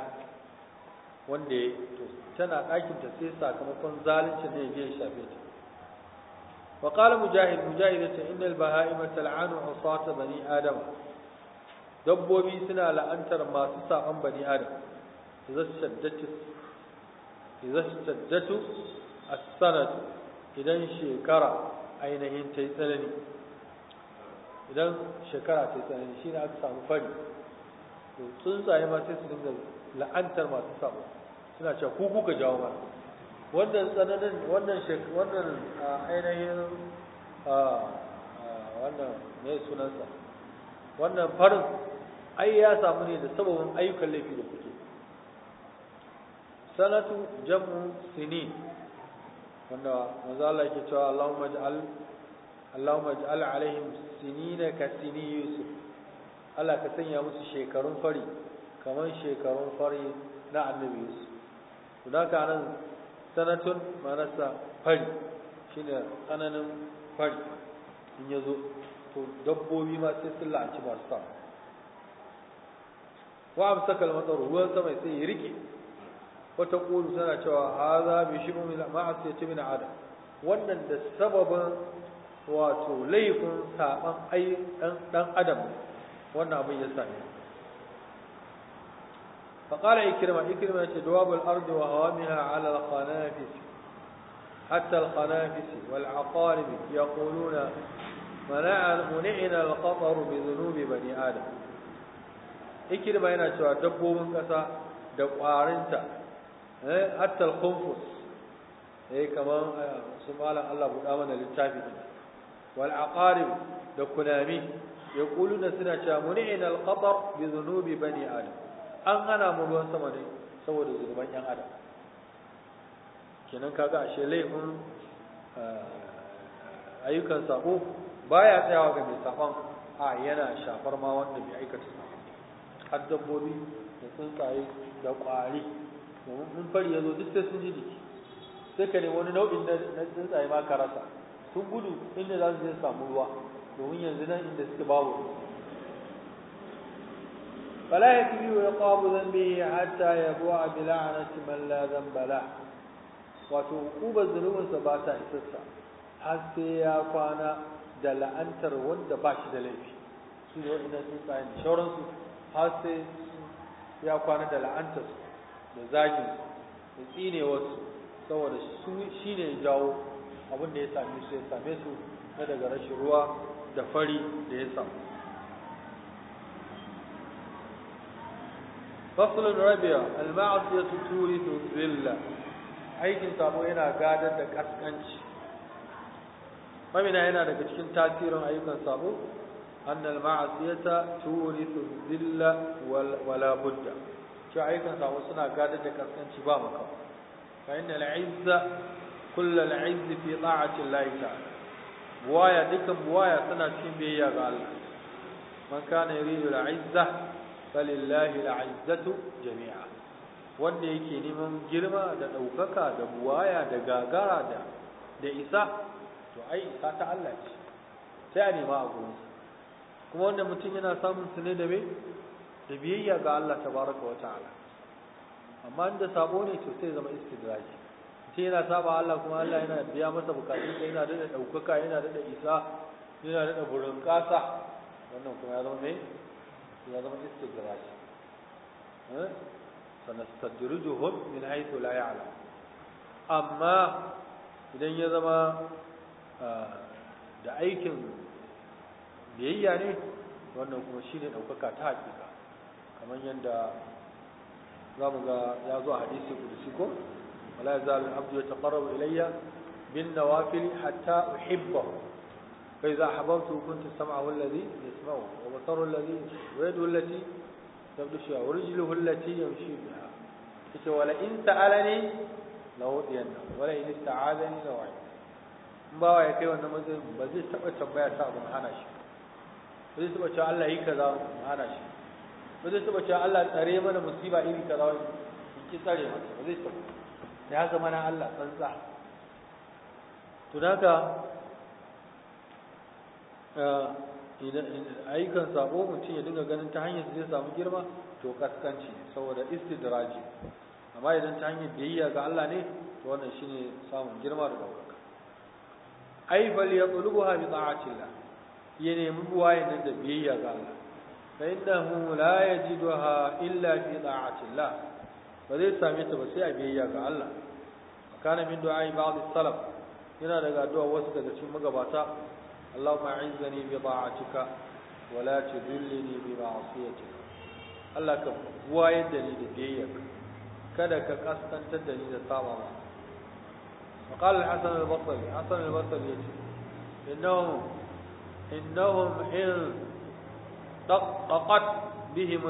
wanda to tana ɗakin ta sai sakamakon zalincin ne ya shafe ta وقال مجاهد مجاهدة إن البهائم تلعن عصاة بني آدم دبوبي سنا لأنتر ما سسا عن بني آدم إذا اشتدت إذا اشتدت السنة إذا شكرا ainihin ta yi tsanani idan shekara ta yi tsanani shi ne aka samu fari to tsuntsaye ma sai su dinga la'antar masu sabo suna cewa kuka jawo mana wannan tsananin wannan wannan ainihin wannan ne sunansa wannan farin ai ya samu ne da sababin ayyukan laifi da kuke sanatu jam'u sini wanda mazala ke cewa Allahumma ja'al, Allahumma ij'al alaihim sinina ka sini Yusuf Allah ka sanya musu shekarun fari kamar shekarun fari na annabi Yusuf don haka nan sanatun manasa fari ne tsananin fari in ya zo to dabbobi ma sai sun la'anci masu sa wa amsa matsar ruwan sama sai ya rike wata ƙoru tana cewa za mai shi min ma'asi yace min adam wannan da sababin wato laifin saban ai adam wannan abin ya same فقال إكرمة إكرمة دواب الأرض وهوامها على القنافس حتى القنافس والعقارب يقولون منعنا القطر بذنوب بني آدم إكرمة هنا شوى دبو من قصة دوارنتا حتى الخنفس eh kaman su malam Allah buɗa mana littafi wal aqarib da kunami yaquluna suna cewa muni'ina al-qatar bi dhunubi bani adam an hana mu ruwan sama ne saboda zurban yan adam kenan kaga ashe laifin eh, ayyukan sako baya tsayawa ga mai safan a yana shafar ma wanda mai aikata sako har dabbobi da tsuntsaye da kwari domin in fari ya zo duk sai sun ji jiki sai ka nemi wani nau'in na tsuntsaye ma ka rasa sun gudu inda za su je samu ruwa domin yanzu nan inda suke babu ruwa فلا يكفي عقاب ذنبه حتى يبوء بلعنة من لا ذنب له wato ubar sa ba ta isarsa har sai ya kwana da la'antar wanda ba shi da laifi su ne waɗannan tsuntsayen da shauransu har sai ya kwana da la'antarsu da zagin da tsinewarsu saboda shi ne jawo abin da ya same su ya same su na daga rashin ruwa da fari da ya samu فصل ربيع المعصية تورث الذلة aikin sabo yana gadar da kaskanci famina yana daga cikin tasirin ayyukan sabo annal ma'asiyata turithu dhilla wala budda to ayyukan sabo suna gadar da kaskanci ba maka fa innal izza kullu al izz fi ta'ati Allah ta'ala buwaya duka buwaya suna cikin biyayya ga Allah man kana yuridu al izza falillahi al'izzatu jami'a wanda yake neman girma da ɗaukaka da buwaya da gagara da da isa to ai isa ta Allah ce sai a nema a gurin kuma wanda mutum yana samun su da me da biyayya ga Allah tabaraka wa ta'ala amma inda sabo ne to sai zama istidraji sai yana saba Allah kuma Allah yana biya masa bukatun sai yana da ɗaukaka yana da isa yana da burin kasa wannan kuma ya zama me ya zama istidraj hm? sanastadrijuhum min haythu la ya'lam amma idan ya zama ah, da aikin biyayya ne wannan kuma shi ne ɗaukaka ta hakika kamar yadda za mu ga ya zo a hadisi kudusi ko wala yazalu abdu yataqarrabu ilayya bin nawafil hatta uhibbahu فإذا أحببت كنت سمعه الذي يسمعه وبصره الذي ويده التي يبدو شيئا ورجله التي يمشي بها yace wala in sa'alani la wudiyanna wala in la bawa ya kai wannan matsayin ba zai taba tambaya ta abun hana shi ba zai taba cewa Allah yi kaza mu hana shi ba zai taba cewa Allah tsare mana musiba iri kaza wani ki tsare mana ba zai taba ya haka mana Allah tsantsa to haka ayyukan sabo mutum ya dinga ganin ta hanyar zai samu girma to kaskanci saboda istidraji amma idan ta hanyar biyayya ga Allah ne to wannan shine samun girma da ɗaukaka ai bal yatlubuha bi ta'atillah ya nemi buwayen nan da biyayya ga Allah fa innahu la yajiduha illa fi ta'atillah ba zai same ta ba sai a biyayya ga Allah kana min du'a ba'd salaf yana daga addu'a wasu daga cikin magabata اللهم أعزني بطاعتك ولا تذلني بمعصيتك الله كواية دليل بيك كذا كقصد تدليل الطابعة وقال الحسن البصري حسن البصري إنهم إنهم إن طقت بهم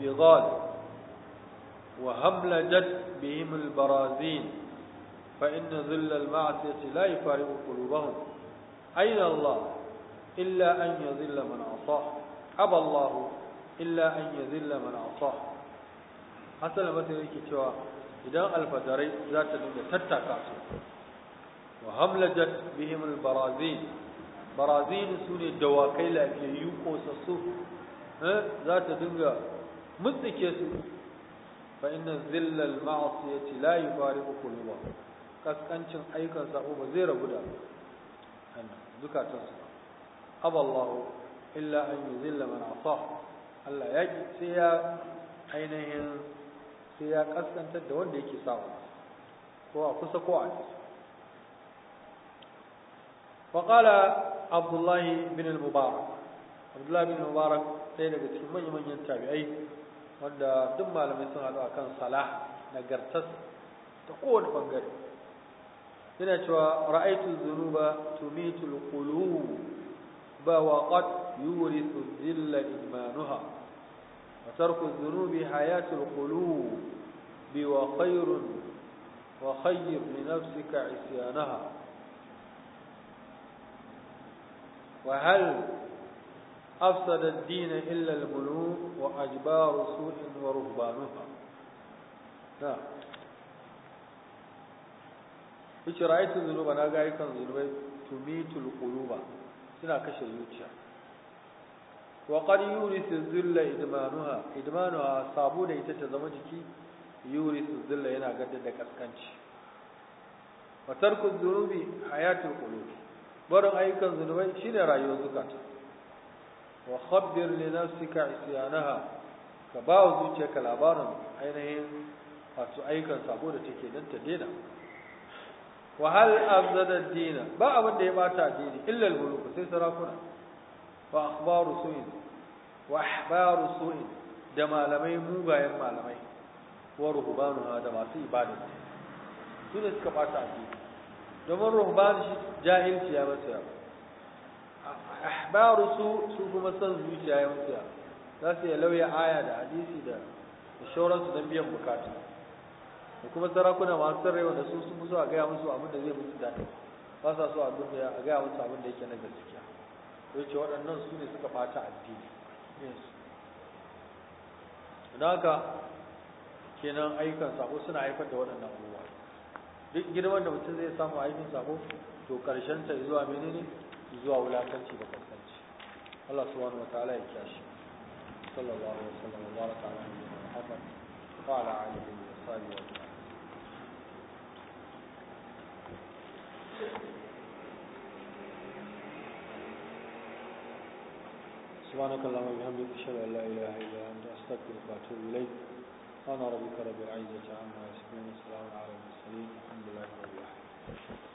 البغال وهملجت بهم البرازين فإن ذل المعصية لا يفارق قلوبهم أين الله إلا أن يذل من عصاه أبى الله إلا أن يذل من عصاه حسن مثل كتوى إذا الفجري ذات الدنيا تتكاسو وهملجت بهم البرازين برازين سوني دواكي لأكي يوقو سسو ذات الدنيا مدكيسو فإن ذل المعصية لا يفارق قلوبه كسكنشن أيكا سأوبا زير بدأ zukatansu aballahu illa an yuzilla man asa Allah ya ki sai ya ainihin sai ya kaskantar da wanda yake sawa ko a kusa ko a nesa وقال عبد الله بن المبارك Abdullahi bin بن المبارك sai daga cikin manyan manyan tabi'ai wanda duk malamai sun haɗu a kan salah nagartas ta kowane bangare yana cewa ra'aytu dhunuba tumitu alqulub ba wa qad yurithu dhilla imanuha wa tarku dhunubi hayatu alqulub bi wa khayrun wa khayr li nafsika isyanaha wa hal أفسد الدين إلا الملوك وأجبار سوء ورهبانها نعم kuci ra'aytu dhunuba na ga yakan zunubai tumitul quluba suna kashe zuciya wa qad yurisu dhilla idmanuha idmanuha sabo da ita ta zama jiki yurisu dhilla yana gadda da kaskanci wa tarku dhunubi hayatul qulub barin ayyukan zunubai shine rayuwar zukata wa khabbir li nafsika isyanaha ka ba wa zuciyarka labarin ainihin wato ayyukan sabo da take nan ta daina wa hal abzada dina ba abin da ya bata addini illa al-muluk sai sarakuna wa akhbaru su'in wa ahbaru su'in da malamai mugayen malamai wa ruhbanu da masu ibada su ne suka bata addini domin ruhban shi jahilci ya mutu ya ahbaru su su kuma san zuciya ya masa yawa za su iya lauya aya da hadisi da shauransu don biyan bukatu da kuma sarakuna masu sarrai wanda su sun musu a gaya musu abin da zai musu daɗi ba sa so a da a gaya musu abin da yake na gaskiya to ce waɗannan su ne suka fata addini don haka kenan ayyukan sako suna haifar da waɗannan ruwa duk girman da mutum zai samu aikin sako to karshen ta zuwa menene zuwa wulakanci da kaskanci Allah subhanahu wataala ya kiyashi sallallahu alaihi wasallam wa baraka ala wa sallam wa ala alihi wa sahbihi wa sallam سبحانك اللهم وبحمدك اشهد ان لا اله الا انت استغفرك واتوب اليك سبحان ربك رب العزه عما يصفون وسلام على المرسلين الحمد لله رب العالمين